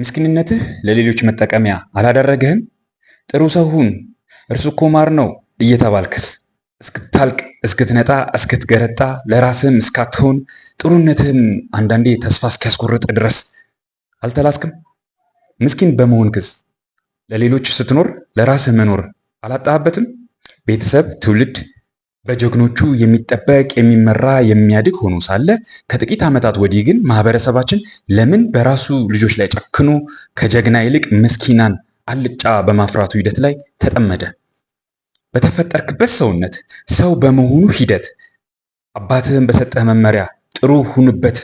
ምስኪንነትህ ለሌሎች መጠቀሚያ አላደረገህም? ጥሩ ሰው ሁን፣ እርሱ እኮ ማር ነው እየተባልክስ እስክታልቅ እስክትነጣ እስክትገረጣ ለራስህም እስካትሆን ጥሩነትህም አንዳንዴ ተስፋ እስኪያስቆርጥ ድረስ አልተላስክም? ምስኪን በመሆንክስ ለሌሎች ስትኖር ለራስህ መኖር አላጣህበትም? ቤተሰብ፣ ትውልድ፣ በጀግኖቹ የሚጠበቅ የሚመራ የሚያድግ ሆኖ ሳለ ከጥቂት ዓመታት ወዲህ ግን ማህበረሰባችን ለምን በራሱ ልጆች ላይ ጨክኖ ከጀግና ይልቅ ምስኪናን አልጫ በማፍራቱ ሂደት ላይ ተጠመደ። በተፈጠርክበት ሰውነት ሰው በመሆኑ ሂደት አባትህን በሰጠህ መመሪያ ጥሩ ሁንበት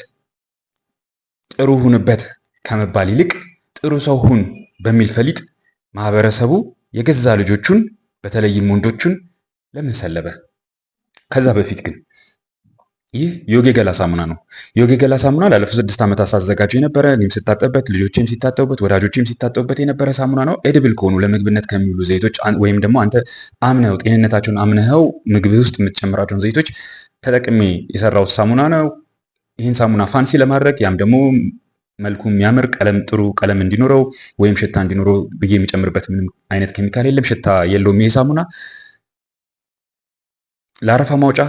ጥሩ ሁንበት ከመባል ይልቅ ጥሩ ሰው ሁን በሚል ፈሊጥ ማህበረሰቡ የገዛ ልጆቹን በተለይም ወንዶቹን ለምን ሰለበ? ከዛ በፊት ግን ይህ ዮጌ ገላ ሳሙና ነው። ዮጊ ገላ ሳሙና ላለፉት ስድስት ዓመታት ሳዘጋጀው የነበረ እኔም ስታጠበት፣ ልጆችም ሲታጠቡበት፣ ወዳጆችም ሲታጠቡበት የነበረ ሳሙና ነው። ኤድብል ከሆኑ ለምግብነት ከሚውሉ ዘይቶች ወይም ደግሞ አንተ አምነው ጤንነታቸውን አምነኸው ምግብ ውስጥ የምትጨምራቸውን ዘይቶች ተጠቅሜ የሰራሁት ሳሙና ነው። ይህን ሳሙና ፋንሲ ለማድረግ ያም ደግሞ መልኩ የሚያምር ቀለም ጥሩ ቀለም እንዲኖረው ወይም ሽታ እንዲኖረው ብዬ የሚጨምርበት ምንም አይነት ኬሚካል የለም። ሽታ የለውም ይሄ ሳሙና ለአረፋ ማውጫ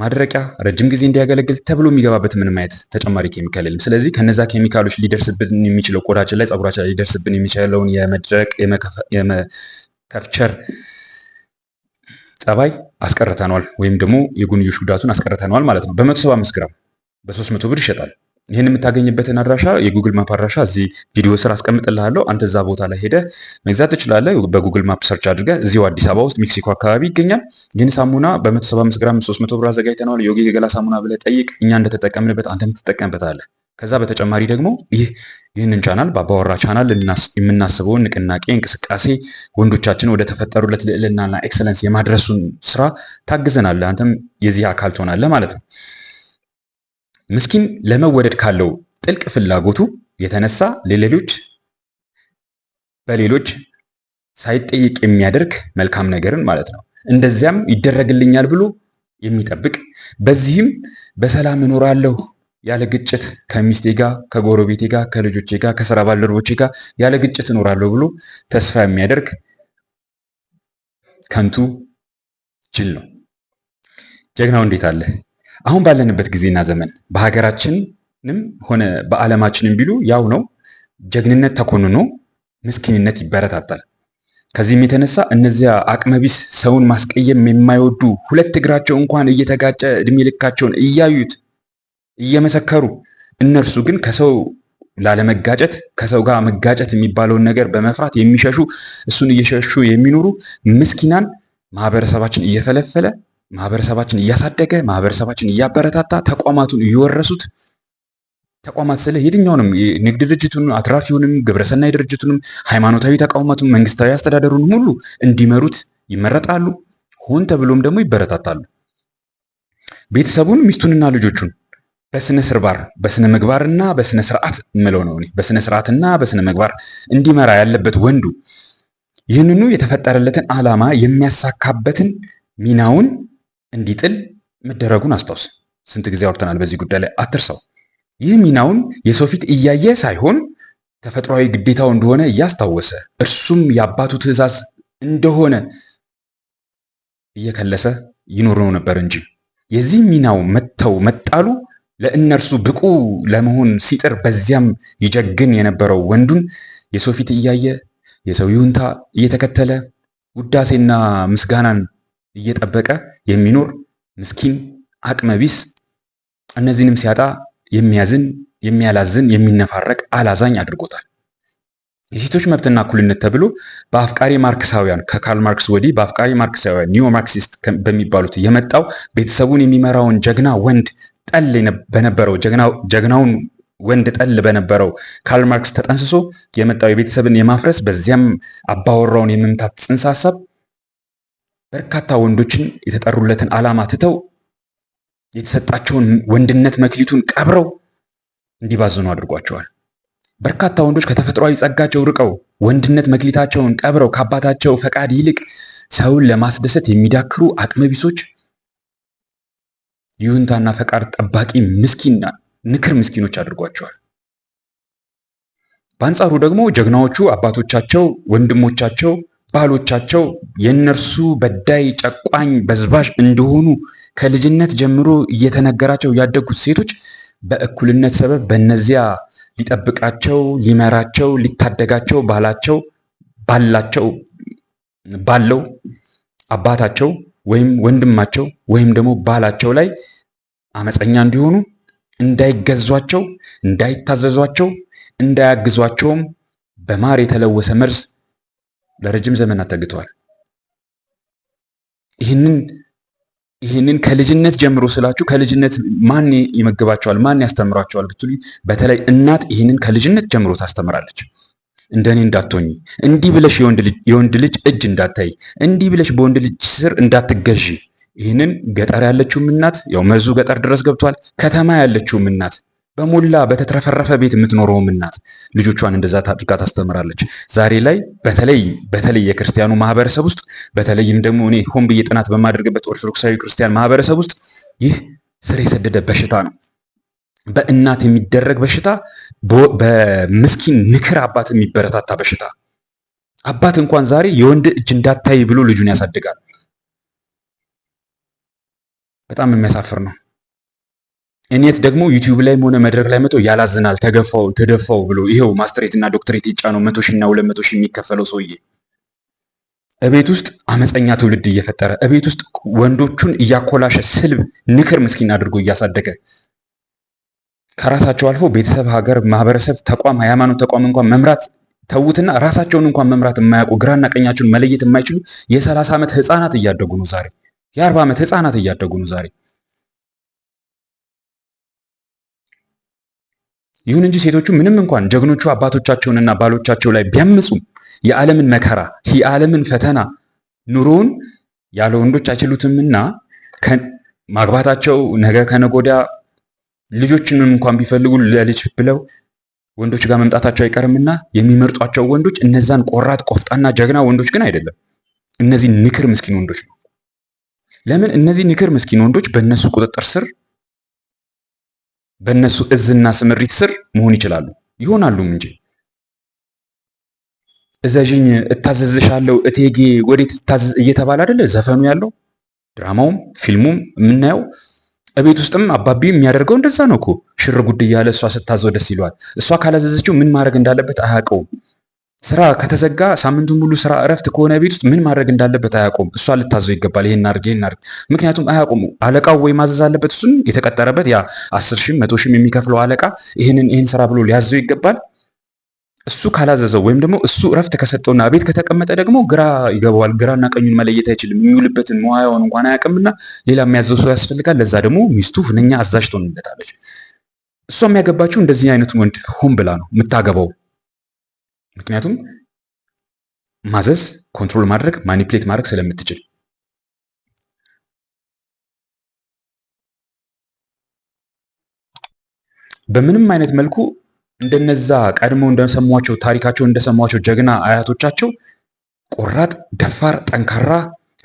ማድረቂያ ረጅም ጊዜ እንዲያገለግል ተብሎ የሚገባበት ምንም አይነት ተጨማሪ ኬሚካል የለም። ስለዚህ ከነዛ ኬሚካሎች ሊደርስብን የሚችለው ቆዳችን ላይ፣ ጸጉራችን ላይ ሊደርስብን የሚችለውን የመድረቅ የመከፍቸር ጸባይ አስቀርተነዋል ወይም ደግሞ የጎንዮሽ ጉዳቱን አስቀርተነዋል ማለት ነው። በመቶ ሰባ አምስት ግራም በ300 ብር ይሸጣል። ይህን የምታገኝበትን አድራሻ የጉግል ማፕ አድራሻ እዚህ ቪዲዮ ስር አስቀምጥልሃለሁ። አንተ እዛ ቦታ ላይ ሄደ መግዛት ትችላለህ። በጉግል ማፕ ሰርች አድርገ እዚሁ አዲስ አበባ ውስጥ ሜክሲኮ አካባቢ ይገኛል። ይህን ሳሙና በ175 ግራም 300 ብር አዘጋጅተነዋል። ዮጊ የገላ ሳሙና ብለህ ጠይቅ። እኛ እንደተጠቀምንበት አንተም ትጠቀምበታለህ። ከዛ በተጨማሪ ደግሞ ይህ ይህንን ቻናል በአባወራ ቻናል የምናስበውን ንቅናቄ እንቅስቃሴ ወንዶቻችን ወደ ተፈጠሩለት ልዕልናና ኤክሰለንስ የማድረሱን ስራ ታግዘናለህ። አንተም የዚህ አካል ትሆናለህ ማለት ነው። ምስኪን ለመወደድ ካለው ጥልቅ ፍላጎቱ የተነሳ ለሌሎች በሌሎች ሳይጠይቅ የሚያደርግ መልካም ነገርን ማለት ነው። እንደዚያም ይደረግልኛል ብሎ የሚጠብቅ በዚህም በሰላም እኖራለሁ ያለ ግጭት ከሚስቴ ጋር፣ ከጎረቤቴ ጋር፣ ከልጆቼ ጋር፣ ከስራ ባልደረቦቼ ጋር ያለ ግጭት እኖራለሁ ብሎ ተስፋ የሚያደርግ ከንቱ ጅል ነው። ጀግናው እንዴት አለ? አሁን ባለንበት ጊዜና ዘመን በሀገራችንም ሆነ በዓለማችንም ቢሉ ያው ነው። ጀግንነት ተኮንኖ ምስኪንነት ይበረታታል። ከዚህም የተነሳ እነዚያ አቅመቢስ ሰውን ማስቀየም የማይወዱ ሁለት እግራቸው እንኳን እየተጋጨ እድሜ ልካቸውን እያዩት እየመሰከሩ እነርሱ ግን ከሰው ላለመጋጨት ከሰው ጋር መጋጨት የሚባለውን ነገር በመፍራት የሚሸሹ እሱን እየሸሹ የሚኖሩ ምስኪናን ማህበረሰባችን እየፈለፈለ ማህበረሰባችን እያሳደገ ማህበረሰባችን እያበረታታ ተቋማቱን እየወረሱት ተቋማት ስለ የትኛውንም ንግድ ድርጅቱን አትራፊውንም ግብረሰናይ ድርጅቱንም ሃይማኖታዊ ተቋማቱን መንግስታዊ አስተዳደሩን ሁሉ እንዲመሩት ይመረጣሉ። ሆን ተብሎም ደግሞ ይበረታታሉ። ቤተሰቡን ሚስቱንና ልጆቹን በስነ ስርባር በስነ ምግባርና በስነ ስርዓት የምለው ነው እኔ በስነ ስርዓትና በስነ ምግባር እንዲመራ ያለበት ወንዱ ይህንኑ የተፈጠረለትን ዓላማ የሚያሳካበትን ሚናውን እንዲጥል መደረጉን አስታውስ። ስንት ጊዜ አውርተናል በዚህ ጉዳይ ላይ አትርሰው። ይህ ሚናውን የሰው ፊት እያየ ሳይሆን ተፈጥሯዊ ግዴታው እንደሆነ እያስታወሰ እርሱም የአባቱ ትእዛዝ እንደሆነ እየከለሰ ይኖር ነበር እንጂ የዚህ ሚናው መተው መጣሉ ለእነርሱ ብቁ ለመሆን ሲጥር በዚያም ይጀግን የነበረው ወንዱን የሰው ፊት እያየ የሰው ይሁንታ እየተከተለ ውዳሴና ምስጋናን እየጠበቀ የሚኖር ምስኪን፣ አቅመቢስ እነዚህንም ሲያጣ የሚያዝን የሚያላዝን የሚነፋረቅ አላዛኝ አድርጎታል። የሴቶች መብትና እኩልነት ተብሎ በአፍቃሪ ማርክሳውያን ከካርል ማርክስ ወዲህ በአፍቃሪ ማርክሳውያን ኒዮ ማርክሲስት በሚባሉት የመጣው ቤተሰቡን የሚመራውን ጀግና ወንድ ጠል በነበረው ጀግናውን ወንድ ጠል በነበረው ካርል ማርክስ ተጠንስሶ የመጣው የቤተሰብን የማፍረስ በዚያም አባወራውን የመምታት ጽንሰ ሀሳብ በርካታ ወንዶችን የተጠሩለትን ዓላማ ትተው የተሰጣቸውን ወንድነት መክሊቱን ቀብረው እንዲባዝኑ አድርጓቸዋል። በርካታ ወንዶች ከተፈጥሯዊ ጸጋቸው ርቀው ወንድነት መክሊታቸውን ቀብረው ከአባታቸው ፈቃድ ይልቅ ሰውን ለማስደሰት የሚዳክሩ አቅመቢሶች፣ ይሁንታና ፈቃድ ጠባቂ ምስኪንና ንክር ምስኪኖች አድርጓቸዋል። በአንጻሩ ደግሞ ጀግናዎቹ አባቶቻቸው፣ ወንድሞቻቸው ባህሎቻቸው የእነርሱ በዳይ፣ ጨቋኝ፣ በዝባዥ እንደሆኑ ከልጅነት ጀምሮ እየተነገራቸው ያደጉት ሴቶች በእኩልነት ሰበብ በእነዚያ ሊጠብቃቸው፣ ሊመራቸው፣ ሊታደጋቸው ባላቸው ባላቸው ባለው አባታቸው ወይም ወንድማቸው ወይም ደግሞ ባላቸው ላይ አመፀኛ እንዲሆኑ እንዳይገዟቸው፣ እንዳይታዘዟቸው፣ እንዳያግዟቸውም በማር የተለወሰ መርዝ ለረጅም ዘመናት ተግተዋል። ይህንን ይህንን ከልጅነት ጀምሮ ስላችሁ ከልጅነት ማን ይመግባቸዋል? ማን ያስተምራቸዋል ብትሉ በተለይ እናት ይህንን ከልጅነት ጀምሮ ታስተምራለች። እንደኔ እንዳትሆኚ፣ እንዲህ ብለሽ የወንድ ልጅ እጅ እንዳታይ፣ እንዲህ ብለሽ በወንድ ልጅ ስር እንዳትገዢ። ይህንን ገጠር ያለችውም እናት ያው መርዙ ገጠር ድረስ ገብቷል። ከተማ ያለችውም እናት በሞላ በተትረፈረፈ ቤት የምትኖረውም እናት ልጆቿን እንደዛ አድርጋ ታስተምራለች። ዛሬ ላይ በተለይ በተለይ የክርስቲያኑ ማህበረሰብ ውስጥ በተለይም ደግሞ እኔ ሆን ብዬ ጥናት በማደርግበት ኦርቶዶክሳዊ ክርስቲያን ማህበረሰብ ውስጥ ይህ ስር የሰደደ በሽታ ነው። በእናት የሚደረግ በሽታ፣ በምስኪን ንክር አባት የሚበረታታ በሽታ። አባት እንኳን ዛሬ የወንድ እጅ እንዳታይ ብሎ ልጁን ያሳድጋል። በጣም የሚያሳፍር ነው። እኔት ደግሞ ዩቲዩብ ላይም ሆነ መድረክ ላይ መጥቶ ያላዝናል፣ ተገፋው፣ ተደፋው ብሎ ይሄው ማስትሬት እና ዶክትሬት ይጫነው መቶ ሺህ እና ሁለት መቶ የሚከፈለው ሰውዬ እቤት ውስጥ አመፀኛ ትውልድ እየፈጠረ እቤት ውስጥ ወንዶቹን እያኮላሸ ስልብ ንክር ምስኪን አድርጎ እያሳደገ ከራሳቸው አልፎ ቤተሰብ፣ ሀገር፣ ማህበረሰብ፣ ተቋም፣ ሃይማኖት ተቋም እንኳን መምራት ተዉትና ራሳቸውን እንኳን መምራት የማያውቁ ግራና ቀኛቸውን መለየት የማይችሉ የሰላሳ ዓመት ህፃናት እያደጉ ነው ዛሬ። የአርባ ዓመት ህፃናት እያደጉ ነው ዛሬ። ይሁን እንጂ ሴቶቹ ምንም እንኳን ጀግኖቹ አባቶቻቸውንና ባሎቻቸው ላይ ቢያምፁም የዓለምን መከራ የዓለምን ፈተና ኑሮውን ያለ ወንዶች አይችሉትምና ማግባታቸው ነገ ከነጎዳ ልጆችን እንኳን ቢፈልጉ ለልጅ ብለው ወንዶች ጋር መምጣታቸው አይቀርምና የሚመርጧቸው ወንዶች እነዛን ቆራጥ ቆፍጣና ጀግና ወንዶች ግን አይደለም። እነዚህ ንክር ምስኪን ወንዶች ነው። ለምን እነዚህ ንክር ምስኪን ወንዶች በእነሱ ቁጥጥር ስር በእነሱ እዝና ስምሪት ስር መሆን ይችላሉ ይሆናሉም እንጂ እዘዥኝ እታዘዝሻለው እቴጌ ወዴት ልታዘዝ እየተባለ አይደለ ዘፈኑ ያለው ድራማውም ፊልሙም የምናየው እቤት ውስጥም አባቢ የሚያደርገው እንደዛ ነው እኮ ሽር ጉድ እያለ እሷ ስታዘው ደስ ይለዋል እሷ ካላዘዘችው ምን ማድረግ እንዳለበት አያውቀውም ስራ ከተዘጋ ሳምንቱን ሙሉ ስራ እረፍት ከሆነ ቤት ውስጥ ምን ማድረግ እንዳለበት አያውቁም። እሷ ልታዘው ይገባል፣ ይሄን አድርግ፣ ይሄን አድርግ። ምክንያቱም አያውቁም። አለቃው ወይ ማዘዝ አለበት፣ እሱን የተቀጠረበት ያ አስር ሺህም መቶ ሺህም የሚከፍለው አለቃ ይህንን ይህን ስራ ብሎ ሊያዘው ይገባል። እሱ ካላዘዘው ወይም ደግሞ እሱ እረፍት ከሰጠውና ቤት ከተቀመጠ ደግሞ ግራ ይገባዋል። ግራና ቀኙን መለየት አይችልም። የሚውልበትን መዋያውን እንኳን አያውቅምና ሌላ የሚያዘው ሰው ያስፈልጋል። ለዛ ደግሞ ሚስቱ ሁነኛ አዛዥ ትሆንለታለች። እሷ የሚያገባቸው እንደዚህ አይነቱን ወንድ ሆን ብላ ነው የምታገባው። ምክንያቱም ማዘዝ፣ ኮንትሮል ማድረግ፣ ማኒፕሌት ማድረግ ስለምትችል በምንም አይነት መልኩ እንደነዛ ቀድሞ እንደሰሟቸው ታሪካቸው እንደሰሟቸው ጀግና አያቶቻቸው ቆራጥ፣ ደፋር፣ ጠንካራ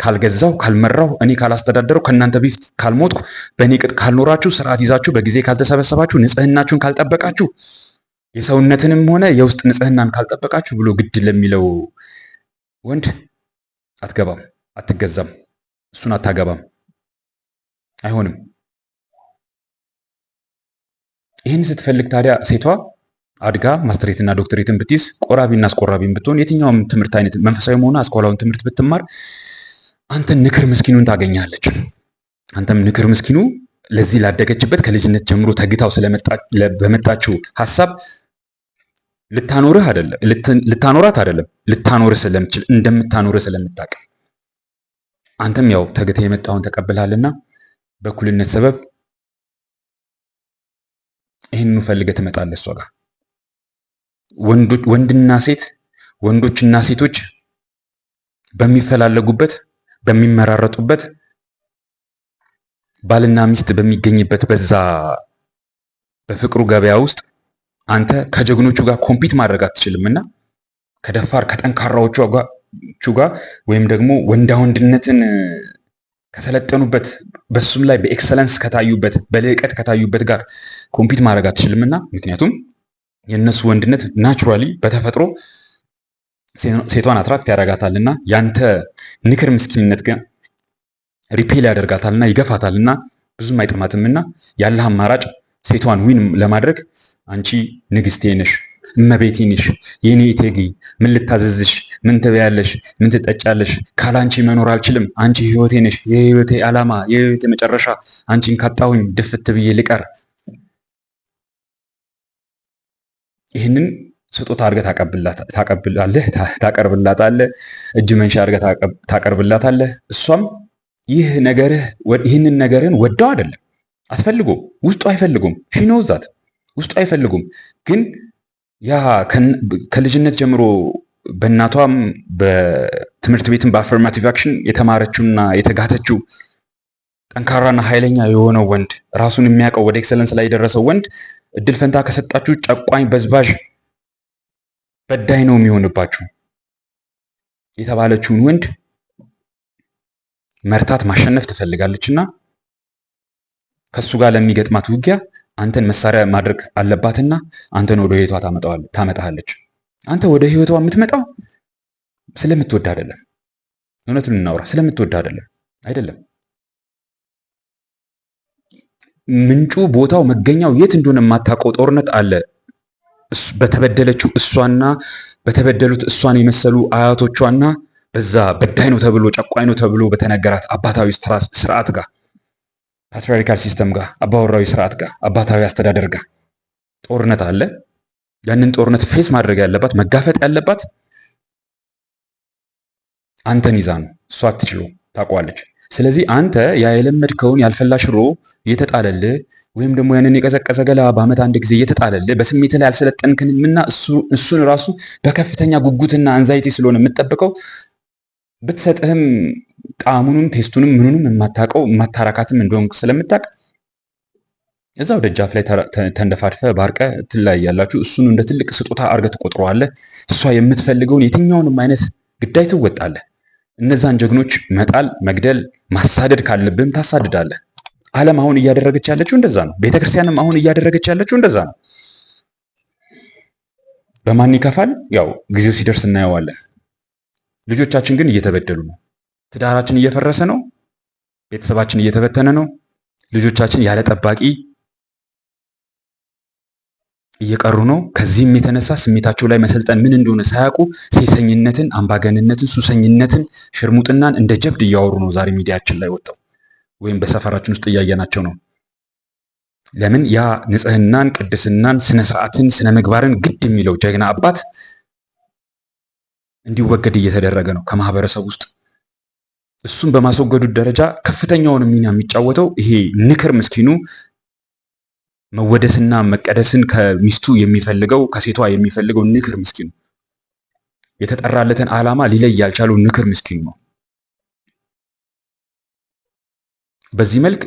ካልገዛው ካልመራው እኔ ካላስተዳደረው ከእናንተ በፊት ካልሞትኩ በእኔ ቅጥ ካልኖራችሁ ስርዓት ይዛችሁ በጊዜ ካልተሰበሰባችሁ ንጽህናችሁን ካልጠበቃችሁ የሰውነትንም ሆነ የውስጥ ንጽህናን ካልጠበቃችሁ ብሎ ግድ ለሚለው ወንድ አትገባም፣ አትገዛም፣ እሱን አታገባም። አይሆንም። ይህን ስትፈልግ ታዲያ ሴቷ አድጋ ማስትሬትና ዶክትሬትን ብትይዝ ቆራቢና አስቆራቢን ብትሆን የትኛውም ትምህርት አይነት መንፈሳዊ መሆኑ አስኳላውን ትምህርት ብትማር አንተን ንክር ምስኪኑን ታገኛለች። አንተም ንክር ምስኪኑ ለዚህ ላደገችበት ከልጅነት ጀምሮ ተግታው በመጣችው ሀሳብ ልታኖርህ አይደለም ልታኖራት አይደለም ልታኖርህ ስለምችል እንደምታኖርህ ስለምታውቅ አንተም ያው ተገተህ የመጣውን ተቀብልሃልና በእኩልነት ሰበብ ይህንኑ ፈልገህ ትመጣለህ እሷ ጋር። ወንድና ሴት ወንዶችና ሴቶች በሚፈላለጉበት በሚመራረጡበት ባልና ሚስት በሚገኝበት በዛ በፍቅሩ ገበያ ውስጥ አንተ ከጀግኖቹ ጋር ኮምፒት ማድረግ አትችልም እና ከደፋር ከጠንካራዎቹ ጋር ወይም ደግሞ ወንዳ ወንድነትን ከሰለጠኑበት በሱም ላይ በኤክሰለንስ ከታዩበት በልዕቀት ከታዩበት ጋር ኮምፒት ማድረግ አትችልም እና ምክንያቱም የእነሱ ወንድነት ናቹራሊ በተፈጥሮ ሴቷን አትራክት ያደርጋታል እና ያንተ ንክር ምስኪንነት ሪፔል ያደርጋታል እና ይገፋታል እና ብዙም አይጥማትም እና ያለህ አማራጭ ሴቷን ዊን ለማድረግ አንቺ ንግስቴ ነሽ፣ እመቤቴ ነሽ፣ የኔ እቴጌ። ምን ልታዘዝሽ? ምን ትበያለሽ? ምን ትጠጫለሽ? ካላንቺ መኖር አልችልም። አንቺ ህይወቴ ነሽ፣ የህይወቴ ዓላማ፣ የህይወቴ መጨረሻ። አንቺን ካጣሁኝ ድፍት ብዬ ልቀር። ይህንን ስጦታ አድርገህ ታቀብላለህ፣ ታቀርብላታለህ፣ እጅ መንሻ አድርገህ ታቀርብላታለህ። እሷም ይህ ነገርህ ይህንን ነገርህን ወደው አይደለም አትፈልጎም ውስጡ አይፈልጉም ሺኖ ዛት ውስጡ አይፈልጉም። ግን ያ ከልጅነት ጀምሮ በእናቷም በትምህርት ቤትም በአፈርማቲቭ አክሽን የተማረችውና የተጋተችው ጠንካራና ኃይለኛ የሆነው ወንድ ራሱን የሚያውቀው ወደ ኤክሰለንስ ላይ የደረሰው ወንድ እድል ፈንታ ከሰጣችሁ ጨቋኝ፣ በዝባዥ፣ በዳይ ነው የሚሆንባችሁ የተባለችውን ወንድ መርታት ማሸነፍ ትፈልጋለች እና ከእሱ ጋር ለሚገጥማት ውጊያ አንተን መሳሪያ ማድረግ አለባትና አንተን ወደ ህይወቷ ታመጣሃለች። አንተ ወደ ህይወቷ የምትመጣው ስለምትወድ አይደለም። እውነቱን እናውራ፣ ስለምትወድ አይደለም አይደለም። ምንጩ፣ ቦታው፣ መገኛው የት እንደሆነ የማታውቀው ጦርነት አለ በተበደለችው እሷና በተበደሉት እሷን የመሰሉ አያቶቿና በዛ በዳይ ነው ተብሎ ጨቋይ ነው ተብሎ በተነገራት አባታዊ ስርዓት ጋር ፓትሪያርካል ሲስተም ጋር አባወራዊ ስርዓት ጋር አባታዊ አስተዳደር ጋር ጦርነት አለ። ያንን ጦርነት ፌስ ማድረግ ያለባት መጋፈጥ ያለባት አንተን ይዛ ነው። እሷ አትችሉ ታውቀዋለች። ስለዚህ አንተ የለመድከውን ያልፈላ ሽሮ እየተጣለልህ ወይም ደግሞ ያንን የቀዘቀዘ ገላ በአመት አንድ ጊዜ እየተጣለልህ በስሜት ላይ አልሰለጠንክንምና እሱን ራሱ በከፍተኛ ጉጉትና አንዛይቲ ስለሆነ የምጠብቀው ብትሰጥህም ጣዕሙንም ቴስቱንም ምኑንም የማታውቀው የማታራካትም እንደሆን ስለምታውቅ እዛው ደጃፍ ላይ ተንደፋድፈ ባርቀ ትለያያላችሁ። እሱን እንደ ትልቅ ስጦታ አርገ ትቆጥረዋለህ። እሷ የምትፈልገውን የትኛውንም አይነት ግዳይ ትወጣለ። እነዛን ጀግኖች መጣል፣ መግደል፣ ማሳደድ ካለብህም ታሳድዳለህ። ዓለም አሁን እያደረገች ያለችው እንደዛ ነው። ቤተክርስቲያንም አሁን እያደረገች ያለችው እንደዛ ነው። በማን ይከፋል? ያው ጊዜው ሲደርስ እናየዋለን። ልጆቻችን ግን እየተበደሉ ነው። ትዳራችን እየፈረሰ ነው። ቤተሰባችን እየተበተነ ነው። ልጆቻችን ያለ ጠባቂ እየቀሩ ነው። ከዚህም የተነሳ ስሜታቸው ላይ መሰልጠን ምን እንደሆነ ሳያውቁ ሴሰኝነትን፣ አምባገንነትን፣ ሱሰኝነትን፣ ሽርሙጥናን እንደ ጀብድ እያወሩ ነው ዛሬ ሚዲያችን ላይ ወጣው ወይም በሰፈራችን ውስጥ እያየናቸው ነው። ለምን ያ ንጽህናን፣ ቅድስናን፣ ስነ ስርዓትን፣ ስነ ምግባርን ግድ የሚለው ጀግና አባት እንዲወገድ እየተደረገ ነው ከማህበረሰብ ውስጥ። እሱን በማስወገዱ ደረጃ ከፍተኛውን ሚና የሚጫወተው ይሄ ንክር ምስኪኑ መወደስና መቀደስን ከሚስቱ የሚፈልገው ከሴቷ የሚፈልገው ንክር ምስኪኑ የተጠራለትን ዓላማ ሊለይ ያልቻለው ንክር ምስኪኑ ነው። በዚህ መልክ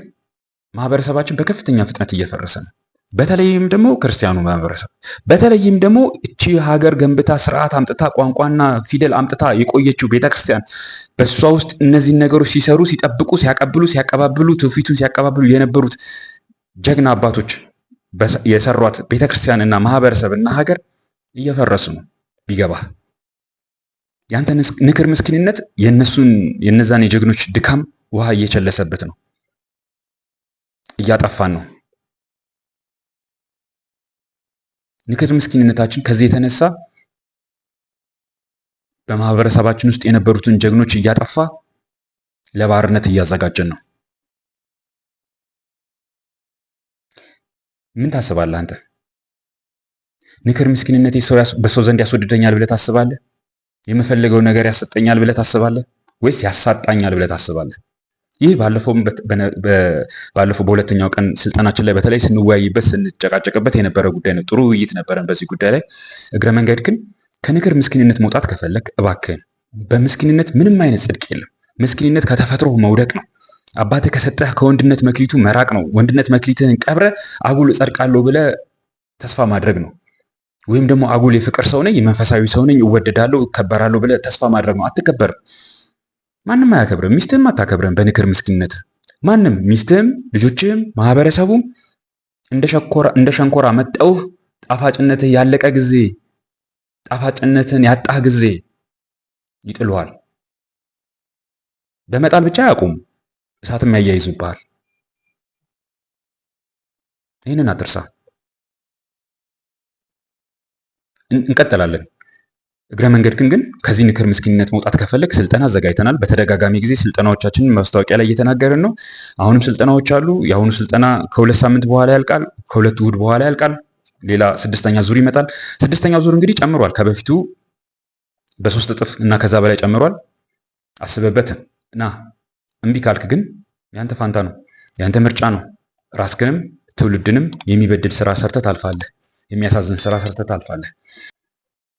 ማህበረሰባችን በከፍተኛ ፍጥነት እየፈረሰ ነው። በተለይም ደግሞ ክርስቲያኑ ማህበረሰብ በተለይም ደግሞ እቺ ሀገር ገንብታ ስርዓት አምጥታ ቋንቋና ፊደል አምጥታ የቆየችው ቤተክርስቲያን በእሷ ውስጥ እነዚህን ነገሮች ሲሰሩ፣ ሲጠብቁ፣ ሲያቀብሉ፣ ሲያቀባብሉ ትውፊቱን ሲያቀባብሉ የነበሩት ጀግና አባቶች የሰሯት ቤተክርስቲያንና ማህበረሰብና ሀገር እየፈረሱ ነው። ቢገባ ያንተ ንክር ምስኪንነት የነሱን የነዛን የጀግኖች ድካም ውሃ እየቸለሰበት ነው፣ እያጠፋን ነው። ንክር ምስኪንነታችን ከዚህ የተነሳ በማህበረሰባችን ውስጥ የነበሩትን ጀግኖች እያጠፋ ለባርነት እያዘጋጀን ነው። ምን ታስባለህ አንተ? ንክር ምስኪንነት በሰው ዘንድ ያስወድደኛል ብለህ ታስባለህ? የምፈልገው ነገር ያሰጠኛል ብለህ ታስባለህ? ወይስ ያሳጣኛል ብለህ ታስባለህ? ይህ ባለፈው በሁለተኛው ቀን ስልጠናችን ላይ በተለይ ስንወያይበት ስንጨቃጨቅበት የነበረ ጉዳይ ነው። ጥሩ ውይይት ነበረን በዚህ ጉዳይ ላይ። እግረ መንገድ ግን ከንግር ምስኪንነት መውጣት ከፈለግ እባክህን፣ በምስኪንነት ምንም አይነት ጽድቅ የለም። ምስኪንነት ከተፈጥሮ መውደቅ ነው። አባትህ ከሰጠህ ከወንድነት መክሊቱ መራቅ ነው። ወንድነት መክሊትህን ቀብረ አጉል እጸድቃለሁ ብለህ ተስፋ ማድረግ ነው። ወይም ደግሞ አጉል የፍቅር ሰው ነኝ፣ መንፈሳዊ ሰው ነኝ፣ እወደዳለሁ፣ እከበራለሁ ብለህ ተስፋ ማድረግ ነው። አትከበርም። ማንም አያከብርም። ሚስትህም አታከብርም። በንክር ምስኪንነት ማንም ሚስትህም፣ ልጆችህም፣ ማህበረሰቡም እንደ ሸንኮራ መጠውህ ጣፋጭነትህ ያለቀ ጊዜ ጣፋጭነትን ያጣህ ጊዜ ይጥሏል በመጣል ብቻ አያውቁም፣ እሳትም ያያይዙብሃል። ይህንን አትርሳ። እንቀጥላለን። እግረ መንገድ ግን ከዚህ ንክር ምስኪንነት መውጣት ከፈለግ ስልጠና አዘጋጅተናል። በተደጋጋሚ ጊዜ ስልጠናዎቻችንን ማስታወቂያ ላይ እየተናገርን ነው። አሁንም ስልጠናዎች አሉ። የአሁኑ ስልጠና ከሁለት ሳምንት በኋላ ያልቃል። ከሁለት እሑድ በኋላ ያልቃል። ሌላ ስድስተኛ ዙር ይመጣል። ስድስተኛ ዙር እንግዲህ ጨምሯል። ከበፊቱ በሶስት እጥፍ እና ከዛ በላይ ጨምሯል። አስበበት እና እምቢ ካልክ ግን ያንተ ፋንታ ነው፣ ያንተ ምርጫ ነው። ራስክንም ትውልድንም የሚበድል ስራ ሰርተት አልፋለህ፣ የሚያሳዝን ስራ ሰርተት አልፋለህ።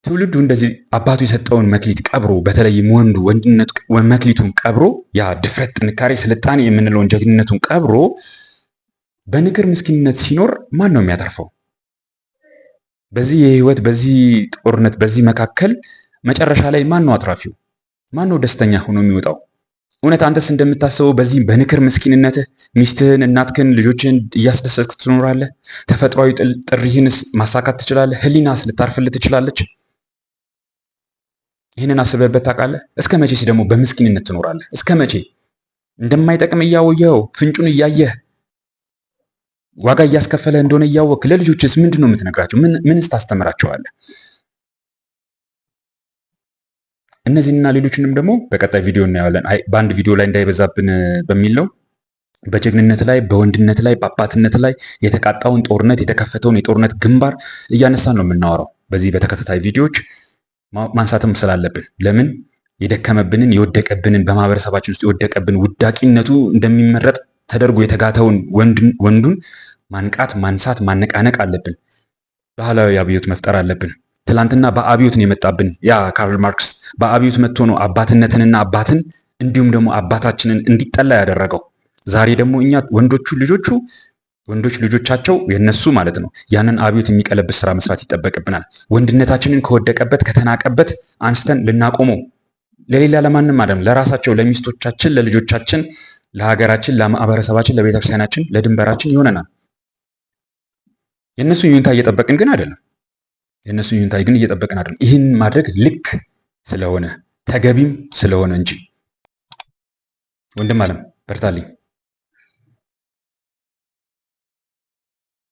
ትውልዱ እንደዚህ አባቱ የሰጠውን መክሊት ቀብሮ በተለይም ወንዱ ወንድነት መክሊቱን ቀብሮ ያ ድፍረት፣ ጥንካሬ፣ ስልጣኔ የምንለውን ጀግንነቱን ቀብሮ በንግር ምስኪንነት ሲኖር ማን ነው የሚያተርፈው? በዚህ የህይወት በዚህ ጦርነት በዚህ መካከል መጨረሻ ላይ ማን ነው አትራፊው? ማን ነው ደስተኛ ሆኖ የሚወጣው? እውነት አንተስ እንደምታስበው በዚህ በንክር ምስኪንነትህ ሚስትህን፣ እናትህን፣ ልጆችህን እያስደሰትክ ትኖራለህ? ተፈጥሯዊ ጥሪህንስ ማሳካት ትችላለህ? ህሊናስ ልታርፍልህ ትችላለች? ይህንን አስበህበት ታውቃለህ? እስከ መቼስ ደግሞ በምስኪንነት ትኖራለህ? እስከ መቼ እንደማይጠቅም እያወየኸው ፍንጩን እያየህ ዋጋ እያስከፈለ እንደሆነ እያወቅህ ለልጆችስ ምንድን ነው የምትነግራቸው? ምንስ ታስተምራቸዋለህ? እነዚህንና ሌሎችንም ደግሞ በቀጣይ ቪዲዮ እናየዋለን። በአንድ ቪዲዮ ላይ እንዳይበዛብን በሚል ነው። በጀግንነት ላይ በወንድነት ላይ በአባትነት ላይ የተቃጣውን ጦርነት የተከፈተውን የጦርነት ግንባር እያነሳን ነው የምናወራው በዚህ በተከታታይ ቪዲዮዎች። ማንሳትም ስላለብን ለምን የደከመብንን የወደቀብንን በማህበረሰባችን ውስጥ የወደቀብን ውዳቂነቱ እንደሚመረጥ ተደርጎ የተጋተውን ወንዱን ማንቃት፣ ማንሳት፣ ማነቃነቅ አለብን። ባህላዊ አብዮት መፍጠር አለብን። ትላንትና በአብዮት ነው የመጣብን። ያ ካርል ማርክስ በአብዮት መጥቶ ነው አባትነትንና አባትን እንዲሁም ደግሞ አባታችንን እንዲጠላ ያደረገው። ዛሬ ደግሞ እኛ ወንዶቹ ልጆቹ ወንዶች ልጆቻቸው የነሱ ማለት ነው። ያንን አብዮት የሚቀለብስ ስራ መስራት ይጠበቅብናል። ወንድነታችንን ከወደቀበት ከተናቀበት አንስተን ልናቆመው ለሌላ ለማንም አይደለም፣ ለራሳቸው ለሚስቶቻችን፣ ለልጆቻችን፣ ለሀገራችን፣ ለማህበረሰባችን፣ ለቤተክርስቲያናችን፣ ለድንበራችን ይሆነናል። የእነሱን ይሁንታ እየጠበቅን ግን አይደለም። የእነሱን ይሁንታ ግን እየጠበቅን አይደለም። ይህን ማድረግ ልክ ስለሆነ ተገቢም ስለሆነ እንጂ ወንድም አለም በርታልኝ።